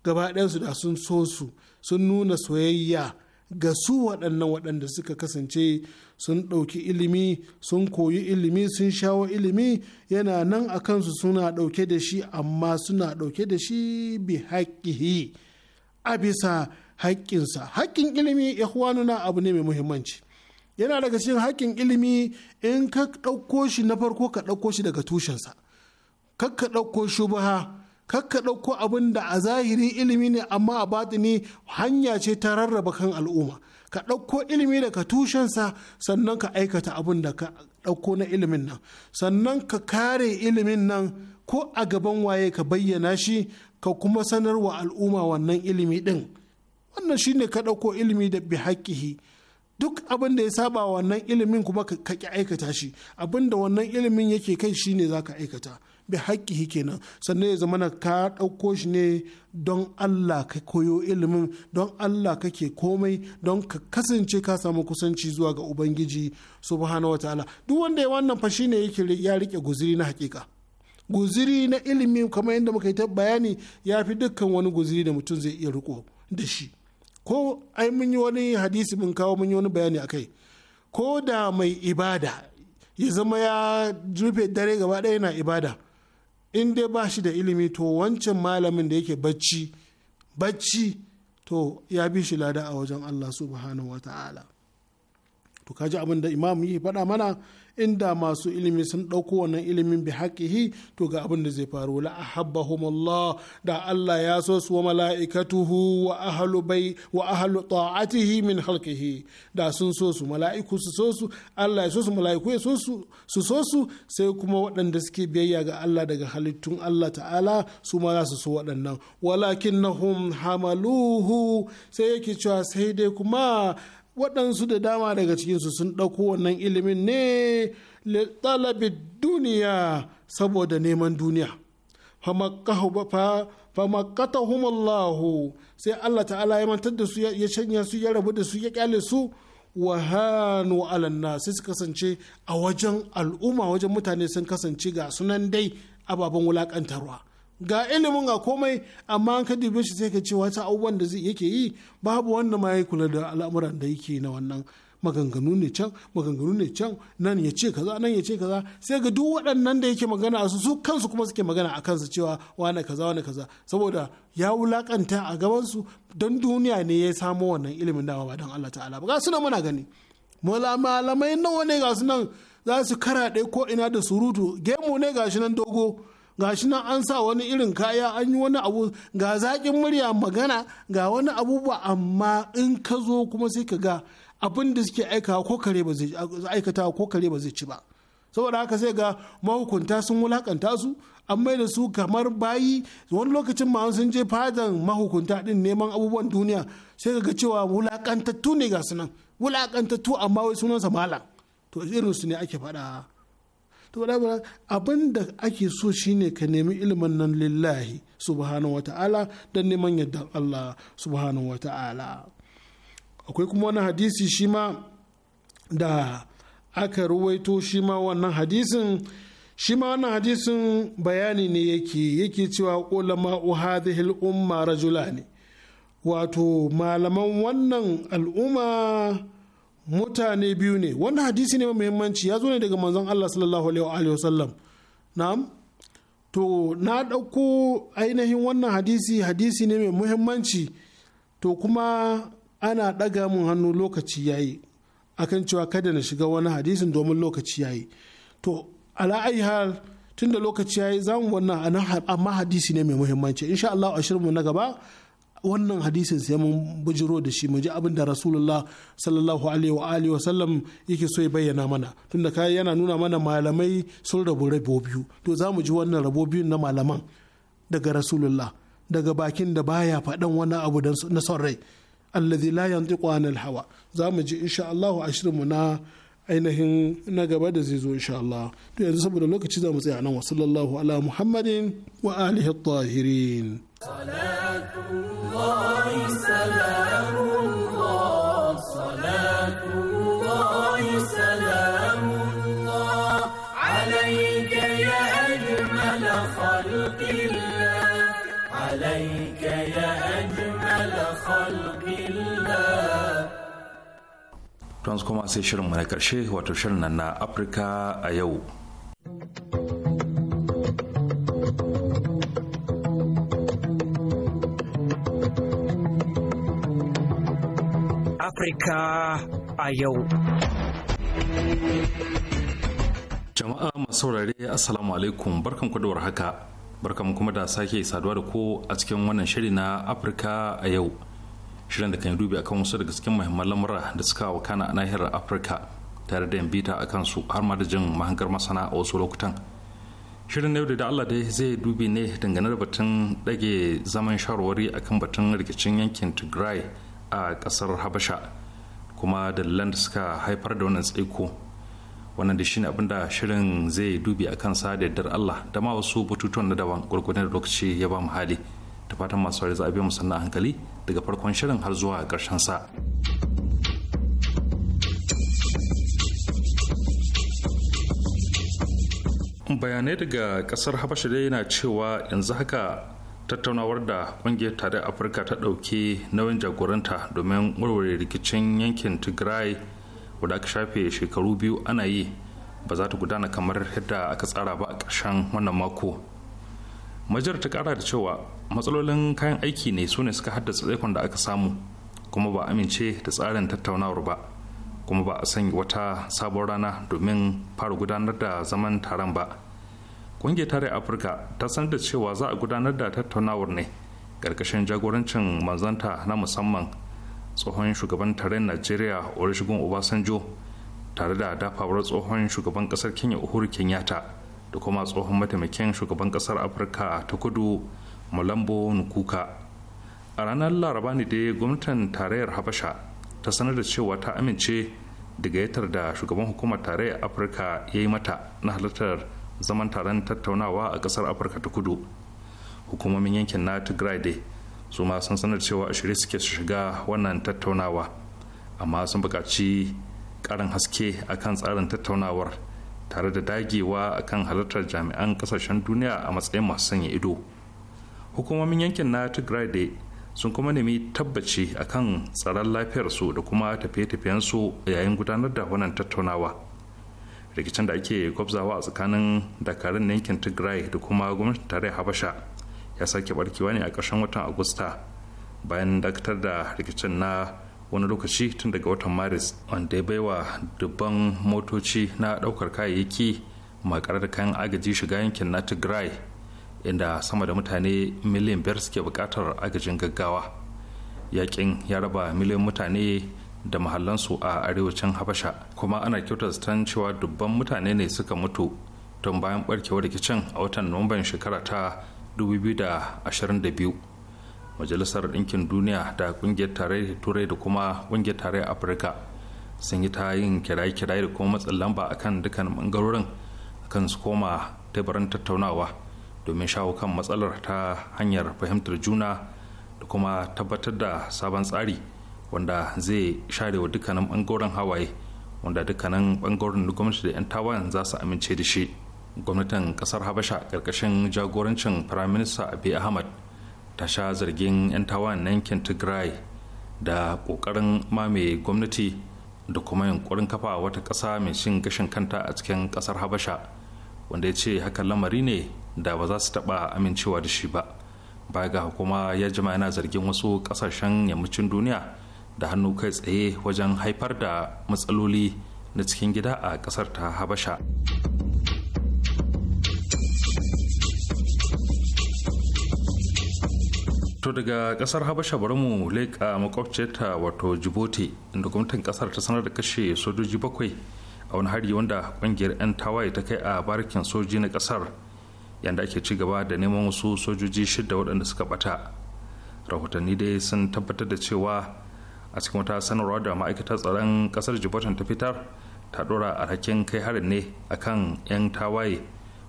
su da sun so su sun nuna soyayya ga su waɗannan waɗanda suka kasance sun ɗauki ilimi sun koyi ilimi sun shawo ilimi yana nan a kansu suna ɗauke da shi amma suna ɗauke da shi bi haƙƙihi a bisa haƙƙinsa haƙƙin ilimi na abu ne mai muhimmanci yana daga cikin haƙƙin ilimi in ka ɗauko shi na farko ka ɗauko shi daga tushensa kar ɗauko shubaha kar ɗauko abin da a zahiri ilimi ne amma a batini hanya ce ta rarraba kan al'umma ka ɗauko ilimi daga tushensa sannan ka aikata abin da ka ɗauko na ilimin nan sannan ka kare ilimin nan ko a gaban waye ka bayyana shi ka kuma sanarwa al'umma wannan ilimi ɗin wannan shine ka ɗauko ilimi da bi haƙƙihi duk abin da ya saba wannan ilimin kuma ka ƙi aikata shi abin da wannan ilimin yake kai shine za ka aikata bi haƙƙihi kenan sannan ya zama na ka ɗauko shi ne don Allah ka koyo ilimin don Allah kake komai don ka kasance ka samu kusanci zuwa ga ubangiji subhanahu wataala duk wanda ya wannan fa shine yake ya rike guziri na haƙiƙa guziri na ilimi kamar yadda muka yi ta bayani ya fi dukkan wani guziri da mutum zai iya riko da shi ko ai mun yi wani hadisi mun kawo mun yi wani bayani akai ko da mai ibada ya zama ya rufe dare gaba ɗaya yana ibada in dai ba shi da ilimi to wancan malamin da yake bacci bacci to ya bi shi lada a wajen Allah subhanahu wa ta'ala to ka ji abin da imam yi faɗa mana inda masu ilimi sun ɗauko wannan ilimin bi haƙihi to ga abin da zai faru la ahabbahumullah da Allah ya so su wa mala'ikatuhu wa ahlu bai wa ahlu ta'atihi min halqihi da sun so su mala'iku su so su Allah ya so su mala'iku ya su so su sai kuma waɗanda suke biyayya ga Allah daga halittun Allah ta'ala su ma za su so waɗannan walakinnahum hamaluhu sai yake cewa sai dai kuma waɗansu da dama daga cikinsu sun ɗauko wannan ilimin ne talabin duniya saboda neman duniya famakatahumullahu sai Allah ta'ala ya mantar da su ya canya su ya rabu da su ya kyale su wa hannu alanna sai su kasance a wajen al'umma wajen mutane sun kasance ga sunan dai ababen wulakantarwa ga ilimin ga komai amma an ka dube shi sai ka ce wata abubuwan da zai yake yi babu wanda ma ya kula da al'amuran da yake na wannan maganganu ne can maganganu ne can nan ya ce kaza nan ya ce kaza sai ga duk waɗannan da yake magana a su su kansu kuma suke magana a kansu cewa wane kaza wane kaza saboda ya wulakanta a gaban su don duniya ne ya samo wannan ilimin dawa ba don Allah ta'ala ba ga su nan muna gani malamai nawa ne ga su nan za su kara ɗaya ko ina da surutu gemu ne ga shi nan dogo ga shi nan an sa wani irin kaya an yi wani abu ga zaƙin murya magana ga wani abubuwa amma in ka zo kuma sai ka ga abin da suke aikata ko kare ba zai ci ba saboda haka sai ga mahukunta sun wulakanta su an mai da su kamar bayi wani lokacin ma sun je fadan mahukunta din neman abubuwan duniya sai ga cewa wulakantattu ne ga sunan wulakantattu amma wai sunan malam to irin su ne ake faɗa to da abin da ake so shine ka nemi ilimin nan lillahi subhanahu wa ta'ala, don neman yadda Allah subhanahu wa ta'ala. akwai kuma wani hadisi shi ma da aka ruwaito shi ma wannan hadisin shi ma wannan hadisin bayani ne yake yake cewa ulama uhadhil umma rajulani wato malaman wannan al'umma mutane biyu ne wannan hadisi ne mai muhimmanci ya zo ne daga manzon Allah sallallahu alaihi sallam na'am to na ɗauko ainihin wannan hadisi hadisi ne mai muhimmanci to kuma ana ɗaga mun hannu lokaci yayi akan cewa kada na shiga wani hadisin domin lokaci yayi to ala'ayi hal tunda lokaci yayi zamu wannan amma hadisi ne mai muhimmanci insha Allah a mu na gaba wannan hadisin sai mun bujiro da shi mu ji abin da rasulullah sallallahu alaihi wa alihi wa sallam yake so ya bayyana mana tunda kai yana nuna mana malamai sun rabu rabo biyu to za mu ji wannan rabo biyun na malaman daga rasulullah daga bakin da baya faɗan wani abu na son rai allazi la yantiqu anil hawa za mu ji insha Allah a mu na ainihin na gaba da zai zo insha Allah to yanzu saboda lokaci za mu tsaya nan wa sallallahu ala muhammadin wa alihi tahirin yanzu kuma sai mu na karshe wato shirin nan na afirka a yau Afirka a yau. Jama'a masu saurare Assalamu alaikum barkan da haka Barkan kuma da sake saduwa da ku a cikin wannan shiri na Afirka a yau. shirin da kan yi dubi kan wasu daga cikin muhimman lamura da suka wakana a nahiyar afirka tare da bita a kan su har ma da jin mahangar masana a wasu lokutan shirin yau da allah dai zai dubi ne dangane da batun dage zaman shawarwari akan batun rikicin yankin tigray a kasar habasha kuma dalilan da suka haifar da wannan tsaiko wannan da shine abin da shirin zai dubi a sa da yardar allah da ma wasu batutuwan na daban gwargwadon lokaci ya ba mu hali ta fatan masu za a biya sannan hankali daga farkon shirin har zuwa ƙarshen sa. bayanai daga kasar habasha dai na cewa yanzu haka tattaunawar da kungiyar tare afirka ta ɗauki nauyin jagoranta domin warware rikicin yankin tigray wadda aka shafe shekaru biyu ana yi ba za ta gudana kamar yadda aka tsara ba a karshen wannan mako majiyar ta kara da cewa matsalolin kayan aiki ne su ne suka haddasa tsaikon da aka samu kuma ba amince da tsarin tattaunawar ba kuma ba a sanya wata sabon rana domin fara gudanar da zaman taron ba ƙungiyar tare afirka ta sanar da cewa za a gudanar da tattaunawar ne ƙarƙashin jagorancin manzanta na musamman tsohon shugaban taron najeriya olusegun obasanjo tare da dafawar tsohon shugaban ƙasar kenya uhuru kenyatta da kuma tsohon mataimakin shugaban ƙasar afirka ta kudu mulambo nukuka a ranar laraba ne dai gwamnatin tarayyar habasha ta sanar da cewa ta amince da gayyatar da shugaban hukumar tarayyar afirka ya yi mata na halartar zaman taron tattaunawa a kasar afirka ta kudu hukumomin yankin na tigray dai su ma sun sanar cewa a shirye suke shiga wannan tattaunawa amma sun buƙaci ƙarin haske akan tsarin tattaunawar tare da dagewa akan halartar jami'an ƙasashen duniya a matsayin masu sanya ido. hukumomin yankin na tigray da sun kuma nemi tabbaci akan tsaron lafiyarsu da kuma tafiye-tafiyensu yayin gudanar da wannan tattaunawa rikicin da ake gwabzawa a tsakanin dakarun yankin tigray da kuma gwamnatin tare habasha ya sake barkewa ne a ƙarshen watan agusta bayan dakatar da rikicin na wani lokaci tun daga watan maris wanda ya baiwa dubban motoci na ɗaukar kayayyaki makarar kayan agaji shiga yankin na tigray inda sama da mutane miliyan biyar suke bukatar agajin gaggawa yakin ya raba miliyan mutane da mahallansu a arewacin habasha kuma ana kyautar zaton cewa dubban mutane ne suka mutu tun bayan barkewar rikicin a watan nuwamban shekara ta 2022 majalisar ɗinkin duniya da ƙungiyar tarayyar turai da kuma ƙungiyar tarayyar afirka sun yi ta yin kiraye-kiraye da kuma matsin lamba akan dukkan bangarorin akan su koma teburin tattaunawa domin shawo kan matsalar ta hanyar fahimtar juna da kuma tabbatar da sabon tsari wanda zai sharewa wa dukkanin bangaren hawaye wanda dukkanin bangaren da gwamnati da 'yan tawan za su amince da shi gwamnatin kasar habasha karkashin jagorancin prime minister abiy ahmad ta sha zargin 'yan tawayen na yankin tigray da kokarin mame gwamnati da kuma yankurin kafa wata kasa mai cin gashin kanta a cikin kasar habasha wanda ya ce hakan lamari ne da ba za su taɓa amincewa da shi ba baya ga kuma ya jima yana zargin wasu kasashen yammacin duniya da hannu kai tsaye wajen haifar da matsaloli na cikin gida a kasar ta habasha To daga kasar Habasha bari mu leƙa makwabciyarta wato Djibouti inda gwamnatin kasar ta sanar da kashe sojoji bakwai a wani hari wanda kungiyar 'yan tawaye ta kai a barikin soji na kasar yadda ake ci gaba da neman wasu sojoji shida waɗanda suka bata rahotanni dai sun tabbatar da cewa a cikin wata sanarwa da ma'aikatar tsaron ƙasar jibutan ta fitar ta ɗora alhakin kai harin ne akan 'yan tawaye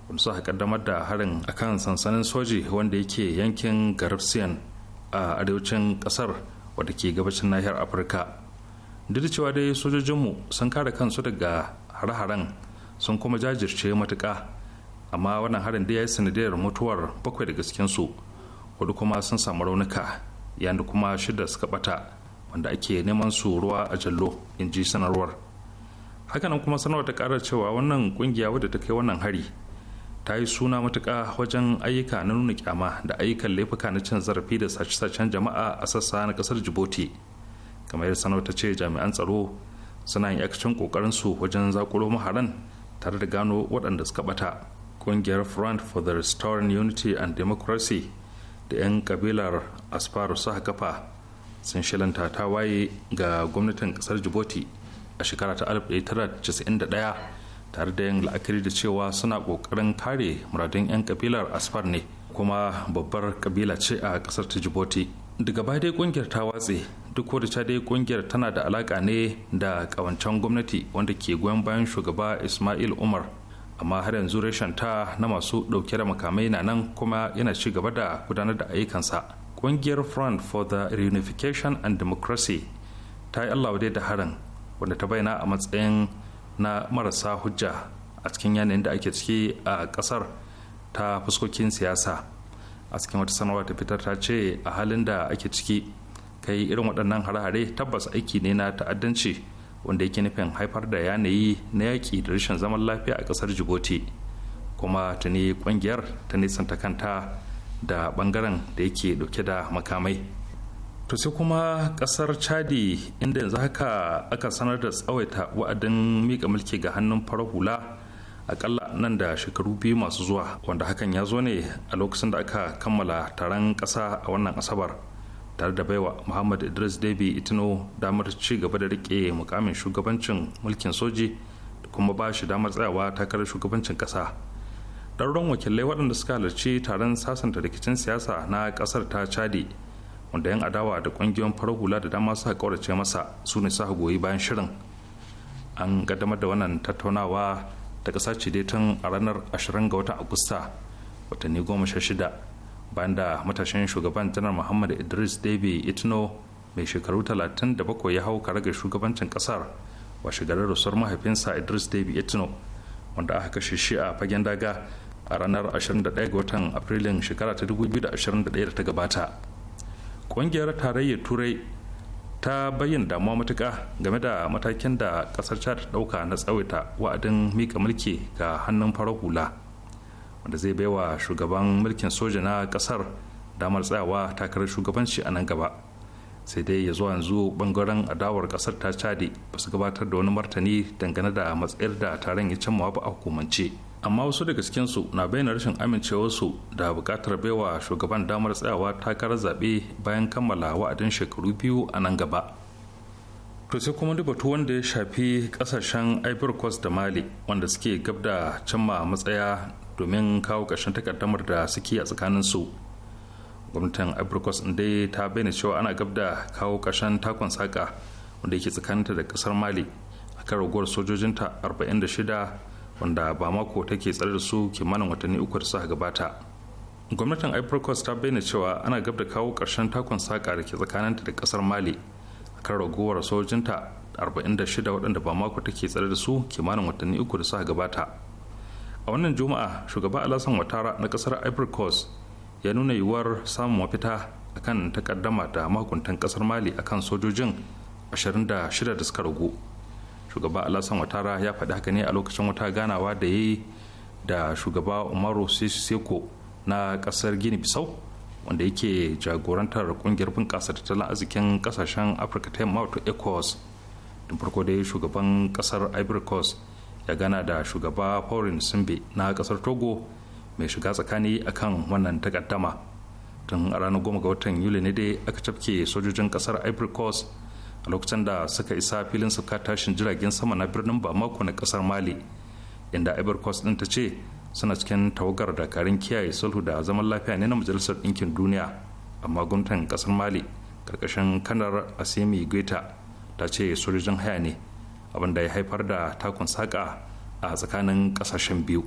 wanda suka kaddamar da harin akan sansanin soji wanda yake yankin garibsiyan a arewacin ƙasar wadda ke gabashin nahiyar afirka duk da cewa dai sojojinmu sun kare kansu daga hare-haren sun kuma jajirce matuƙa amma wannan harin da ya yi sanadiyar mutuwar bakwai daga su wadda kuma sun samu raunuka yayin da kuma shida suka bata wanda ake neman su ruwa a jallo in ji sanarwar hakanan kuma sanarwar ta karar cewa wannan kungiya wadda ta kai wannan hari ta yi suna matuka wajen ayyuka na nuna kyama da ayyukan laifuka na cin zarafi da sace-sacen jama'a a sassa na kasar jibuti kamar yadda sanarwar ta ce jami'an tsaro suna yin yakacin kokarin su wajen zakuro maharan tare da gano waɗanda suka bata kungiyar front for the restoring unity and democracy da 'yan kabilar asfaru suka kafa sun shilanta ta waye ga gwamnatin kasar djibouti a shekara ta 1991 tare da yin la'akari da cewa suna kokarin kare muradun 'yan kabilar asfar ne kuma babbar kabila ce a kasar ta djibouti daga baya dai kungiyar ta watse duk wadda ta dai kungiyar tana da alaka ne da kawancen gwamnati wanda ke goyon bayan shugaba ismail umar amma har yanzu reshen ta na masu ɗauke da makamai na nan kuma yana ci gaba da gudanar da ayyukansa kungiyar front for the reunification and democracy ta yi allawa da harin wanda ta bayyana a matsayin na marasa hujja a cikin yanayin da ake ciki a kasar ta fuskokin siyasa a cikin wata sanarwa ta fitar ta ce a halin da ake ciki kai irin waɗannan hare-hare tabbas aiki ne na ta'addanci wanda yake nufin haifar da yanayi na yaƙi da rashin zaman lafiya a ƙasar jiboti kuma ta ne ƙungiyar ta nisan ta kanta da ɓangaren da yake ɗauke da makamai to sai kuma ƙasar chadi inda yanzu haka aka sanar da tsawaita wa'adin miƙa mulki ga hannun farar hula akalla nan da shekaru biyu masu zuwa wanda hakan ya zo ne a lokacin da aka kammala taron ƙasa a wannan asabar tare da baiwa muhammad idris debi itino damar ci gaba da rike mukamin shugabancin mulkin soji da kuma ba shi damar tsayawa takarar shugabancin kasa ɗarurran wakilai waɗanda suka halarci taron sasanta rikicin siyasa na ƙasar ta chadi wanda yan adawa da ƙungiyoyin farar hula da dama suka ƙaurace masa su ne sa goyi bayan shirin an ƙaddamar da wannan tattaunawa ta ƙasa ce dai tun a ranar 20 ga watan agusta watanni goma sha shida bayan da matashin shugaban janar muhammad idris david itno mai shekaru 37 ya hau karagar shugabancin kasar wa garin rasuwar mahaifinsa idris david itno wanda aka kashe shi a fagen daga a ranar 21 ga watan afrilun shekara ta 2021 da ta gabata ƙungiyar tarayyar turai ta bayyana damuwa matuka game da matakin da kasar ta ɗauka na tsawaita wa'adin mika mulki ga hannun farar hula wanda zai baiwa shugaban mulkin soja na kasar damar tsayawa takarar shugabanci a nan gaba sai dai ya zuwa yanzu bangaren adawar kasar ta cade ba su gabatar da wani martani dangane da matsayar da taron ya cimma ba a hukumance amma wasu daga cikinsu na bayyana rashin amincewarsu da bukatar baiwa shugaban damar tsayawa takarar zaɓe bayan kammala wa'adin shekaru biyu a nan gaba to sai kuma duk batu wanda ya shafi kasashen ivory coast da mali wanda suke gab da cimma matsaya domin kawo ƙarshen takardamar da suke a tsakanin su gwamnatin abrikos dai ta bayyana cewa ana gab da kawo ƙarshen takon saƙa wanda yake tsakaninta da ƙasar mali a kan raguwar sojojinta 46 wanda ba mako take tsare da su kimanin watanni uku da suka gabata gwamnatin abrikos ta bayyana cewa ana gab da kawo ƙarshen takon saƙa da ke tsakaninta da ƙasar mali a kan raguwar sojojinta 46 waɗanda ba mako take tsare da su kimanin watanni uku da suka gabata a wannan juma'a shugaba alasan watara na kasar ivory coast ya nuna yiwuwar samun mafita akan takaddama da mahukuntan kasar mali akan sojojin 26 da suka ragu shugaba alasan watara ya faɗi haka ne a lokacin wata ganawa da ya yi da shugaba umaru seko na kasar gini bisau wanda yake jagorantar kungiyar bunƙasa tattalin arzikin ƙasashen afirka ta yamma wato ecowas da farko dai shugaban kasar ivory coast ya gana da shugaba Pauline Simbe na kasar Togo mai shiga tsakani akan wannan takaddama. Tun a ranar goma ga watan Yuli ne dai aka cafke sojojin kasar Ivory Coast a lokacin da suka isa filin suka tashin jiragen sama na birnin Bamako na kasar Mali inda Ivory Coast din ta ce suna cikin tawagar dakarun kiyaye sulhu da zaman lafiya ne na majalisar ɗinkin duniya amma gwamnatin kasar mali karkashin kanar asimi guita ta ce sojojin haya ne abinda ya haifar da takun saƙa a tsakanin ƙasashen biyu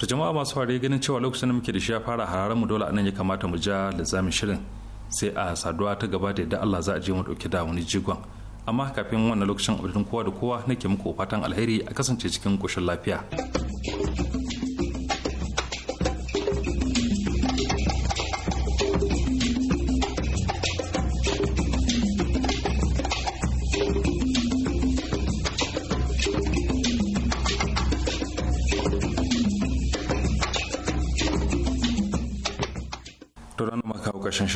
ta jama'a masu fari ganin cewa lokacin da muke da shi ya fara hararren mu dole anan ya kamata mu ja lizamin shirin sai a saduwa ta gaba da yadda Allah za a je mu dauke da wani jigon amma kafin wannan lokacin abudin kowa da kowa nake muku fatan alheri a kasance cikin koshin lafiya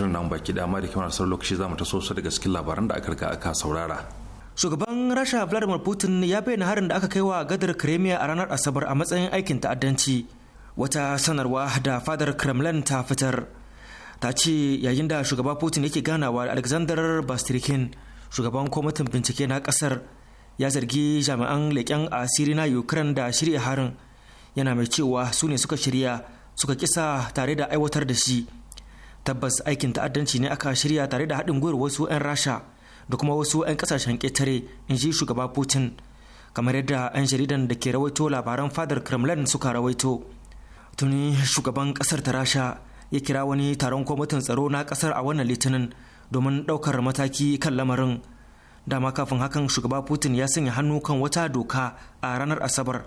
shirin nan baki dama da kimar sar lokaci za mu taso daga cikin labaran da aka riga aka saurara. Shugaban Rasha Vladimir Putin ya bayyana harin da aka kai wa gadar Crimea a ranar Asabar a matsayin aikin ta'addanci. Wata sanarwa da fadar Kremlin ta fitar ta ce yayin da shugaba Putin yake ganawa da Alexander Bastrikin shugaban kwamitin bincike na kasar ya zargi jami'an leƙen asiri na Ukraine da shirya harin yana mai cewa su ne suka shirya suka kisa tare da aiwatar da shi. tabbas aikin ta'addanci ne aka shirya tare da haɗin gwiwar wasu 'yan rasha da kuma wasu 'yan kasashen ƙetare in ji shugaba putin kamar yadda 'yan jaridan da ke rawaito labaran fadar kremlin suka rawaito tuni shugaban ƙasar ta rasha ya kira wani taron kwamitin tsaro na ƙasar a wannan litinin domin ɗaukar mataki kan lamarin dama kafin hakan shugaba putin ya sanya hannu kan wata doka a ranar asabar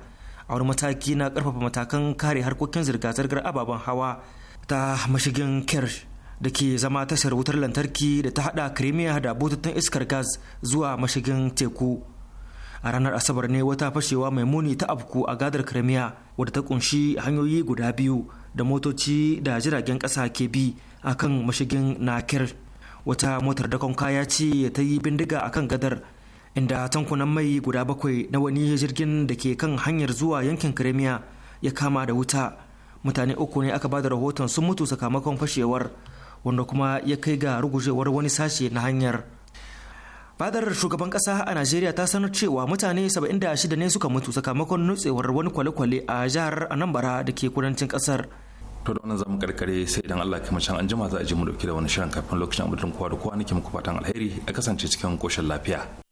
a wani mataki na ƙarfafa matakan kare harkokin zirga-zirgar ababen hawa ta mashigin kerch da ke zama tashar wutar lantarki da ta hada crimea da bututun iskar gas zuwa mashigin teku a ranar asabar ne wata fashewa mai muni ta afku a gadar crimea wadda ta kunshi hanyoyi guda biyu da motoci da jiragen kasa ke bi a kan mashigin na wata motar dakon kaya ce ta yi bindiga a kan gadar inda tankunan mai guda bakwai na wani jirgin da ke kan hanyar zuwa yankin crimea ya kama da wuta mutane uku ne aka bada rahoton sun mutu sakamakon fashewar wanda kuma ya kai ga rugujewar wani sashe na hanyar fadar shugaban kasa a najeriya ta sanar cewa mutane 76 ne suka mutu sakamakon nutsewar wani kwale-kwale a jihar anambra da ke kudancin kasar to da wannan zamu karkare sai idan Allah kuma can anjima za a je mu dauki da wani shirin kafin lokacin abudin kowa da kowa nake muku fatan alheri a kasance cikin koshin lafiya